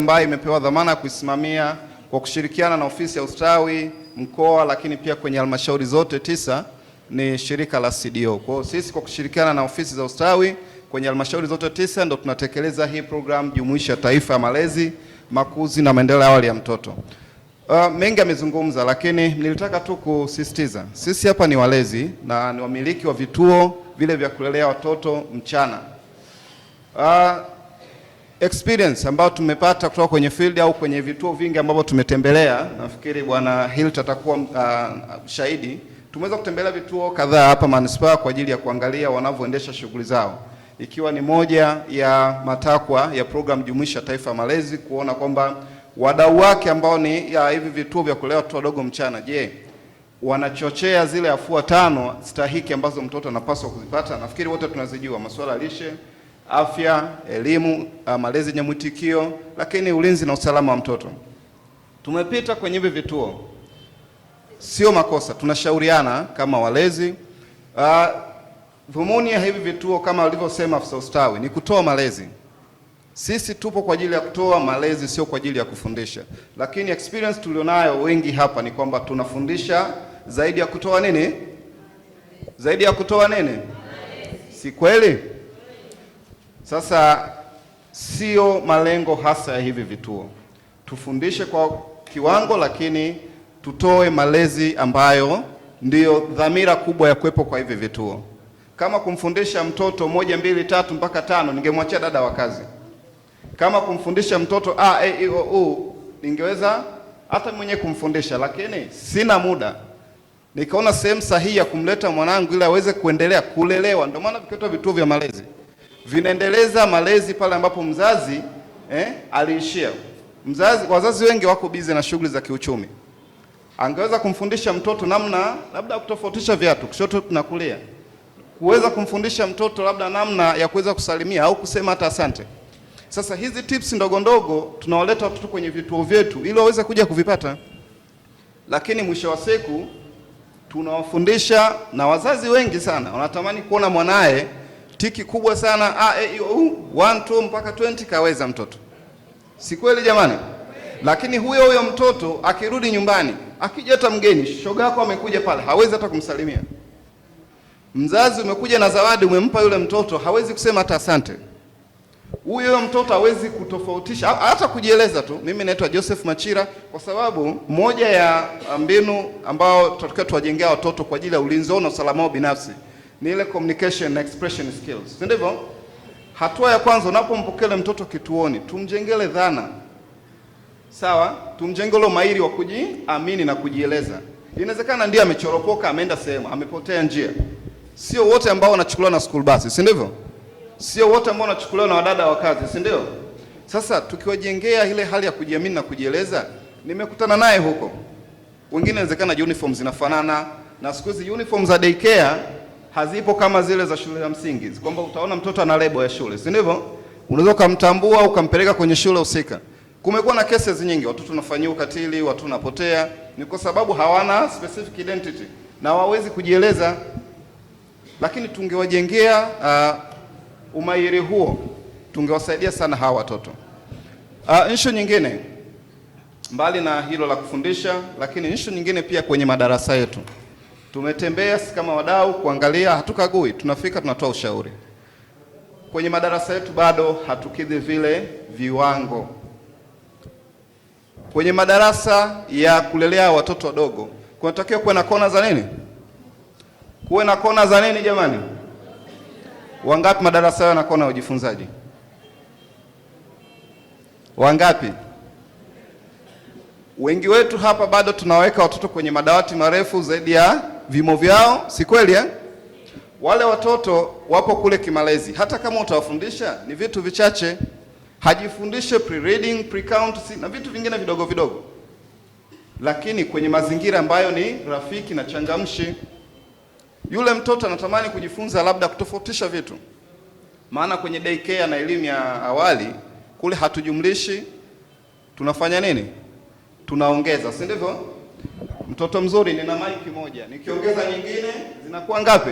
ambayo imepewa dhamana ya kuisimamia kwa kushirikiana na ofisi ya ustawi mkoa, lakini pia kwenye halmashauri zote tisa ni shirika la CDO. Kwa hiyo sisi kwa kushirikiana na ofisi za ustawi kwenye halmashauri zote tisa ndo tunatekeleza hii program jumuishi ya taifa ya malezi, makuzi na maendeleo ya awali ya mtoto. Uh, mengi amezungumza, lakini nilitaka tu kusisitiza sisi hapa ni walezi na ni wamiliki wa vituo vile vya kulelea watoto mchana. Uh, experience ambayo tumepata kutoka kwenye field au kwenye vituo vingi ambavyo tumetembelea, nafikiri bwana Hilt atakuwa uh, shahidi. Tumeweza kutembelea vituo kadhaa hapa manispaa kwa ajili ya kuangalia wanavyoendesha shughuli zao, ikiwa ni moja ya matakwa ya program jumuishi ya taifa ya malezi, kuona kwamba wadau wake ambao ni ya uh, hivi vituo vya kulea watoto wadogo mchana, je, wanachochea zile afua tano stahiki ambazo mtoto anapaswa kuzipata? Nafikiri wote tunazijua, masuala ya lishe afya, elimu, ah, malezi yenye mwitikio, lakini ulinzi na usalama wa mtoto. Tumepita kwenye hivi vituo, sio makosa, tunashauriana kama walezi. Uh, dhumuni ya hivi vituo kama alivyosema afisa ustawi ni kutoa malezi. Sisi tupo kwa ajili ya kutoa malezi, sio kwa ajili ya kufundisha, lakini experience tulionayo wengi hapa ni kwamba tunafundisha zaidi ya kutoa nini, zaidi ya kutoa nini, si kweli? Sasa sio malengo hasa ya hivi vituo, tufundishe kwa kiwango, lakini tutoe malezi ambayo ndiyo dhamira kubwa ya kuwepo kwa hivi vituo. Kama kumfundisha mtoto moja mbili tatu mpaka tano, ningemwachia dada wa kazi. Kama kumfundisha mtoto a e i o u, ningeweza hata mwenyewe kumfundisha, lakini sina muda nikaona sehemu sahihi ya kumleta mwanangu ili aweze kuendelea kulelewa. Ndio maana vikitwa vituo vya malezi vinaendeleza malezi pale ambapo mzazi eh, aliishia. Mzazi, wazazi wengi wako bize na shughuli za kiuchumi, angeweza kumfundisha mtoto namna labda kutofautisha viatu kushoto na kulia, kuweza kumfundisha mtoto labda namna ya kuweza kusalimia au kusema hata asante. Sasa hizi tips ndogo ndogo tunawaleta watoto kwenye vituo vyetu ili waweze kuja kuvipata, lakini mwisho wa siku tunawafundisha, na wazazi wengi sana wanatamani kuona mwanaye tiki kubwa sana a e i o u 1 2 mpaka 20 kaweza mtoto, si kweli jamani? Lakini huyo huyo mtoto akirudi nyumbani, akija hata mgeni, shoga yako amekuja pale, hawezi hata kumsalimia. Mzazi umekuja na zawadi, umempa yule mtoto, hawezi kusema hata asante. Huyo mtoto hawezi kutofautisha hata kujieleza tu. Mimi naitwa Joseph Machira, kwa sababu moja ya uh, mbinu ambao tunatakiwa tuwajengea watoto kwa ajili ya ulinzi na usalama wao binafsi ni ile communication na expression skills, si ndivyo? Hatua ya kwanza unapompokele mtoto kituoni, tumjengele dhana sawa, tumjengele ule mahiri wa kujiamini na kujieleza. Inawezekana ndiye amechoropoka, ameenda sehemu, amepotea njia. Sio wote ambao wanachukuliwa na school bus, si ndivyo? Sio wote ambao wanachukuliwa na wadada wa kazi, si ndio? Sasa tukiwajengea ile hali ya kujiamini na kujieleza, nimekutana naye huko, wengine inawezekana uniform zinafanana na siku hizi uniform za daycare hazipo kama zile za shule ya msingi, kwamba utaona mtoto ana lebo ya shule, si ndivyo? Unaweza ukamtambua ukampeleka kwenye shule husika. Kumekuwa na cases nyingi, watoto wanafanyiwa ukatili, watu wanapotea, ni kwa sababu hawana specific identity na hawawezi kujieleza, lakini tungewajengea uh, umahiri huo, tungewasaidia sana hawa watoto uh, issue nyingine mbali na hilo la kufundisha, lakini issue nyingine pia kwenye madarasa yetu Tumetembea si kama wadau kuangalia, hatukagui, tunafika tunatoa ushauri. Kwenye madarasa yetu bado hatukidhi vile viwango. Kwenye madarasa ya kulelea watoto wadogo kunatakiwa kuwe na kona za nini? Kuwe na kona za nini jamani? Wangapi madarasa hayo na kona ya ujifunzaji? Wangapi? Wengi wetu hapa bado tunaweka watoto kwenye madawati marefu zaidi ya vimo vyao, si kweli eh? Wale watoto wapo kule kimalezi, hata kama utawafundisha ni vitu vichache, hajifundishe pre-reading, pre-count na vitu vingine vidogo vidogo, lakini kwenye mazingira ambayo ni rafiki na changamshi. Yule mtoto anatamani kujifunza labda kutofautisha vitu, maana kwenye daycare na elimu ya awali kule hatujumlishi, tunafanya nini? Tunaongeza, si ndivyo? Mtoto mzuri nina maiki moja, nikiongeza nyingine zinakuwa ngapi?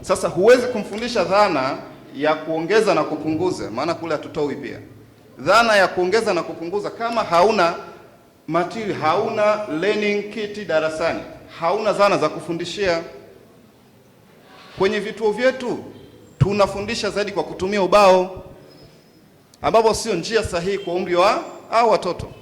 Sasa huwezi kumfundisha dhana ya kuongeza na kupunguza, maana kule hatutoi pia dhana ya kuongeza na kupunguza kama hauna material, hauna learning kit darasani, hauna zana za kufundishia. Kwenye vituo vyetu tunafundisha zaidi kwa kutumia ubao, ambapo sio njia sahihi kwa umri wa au watoto.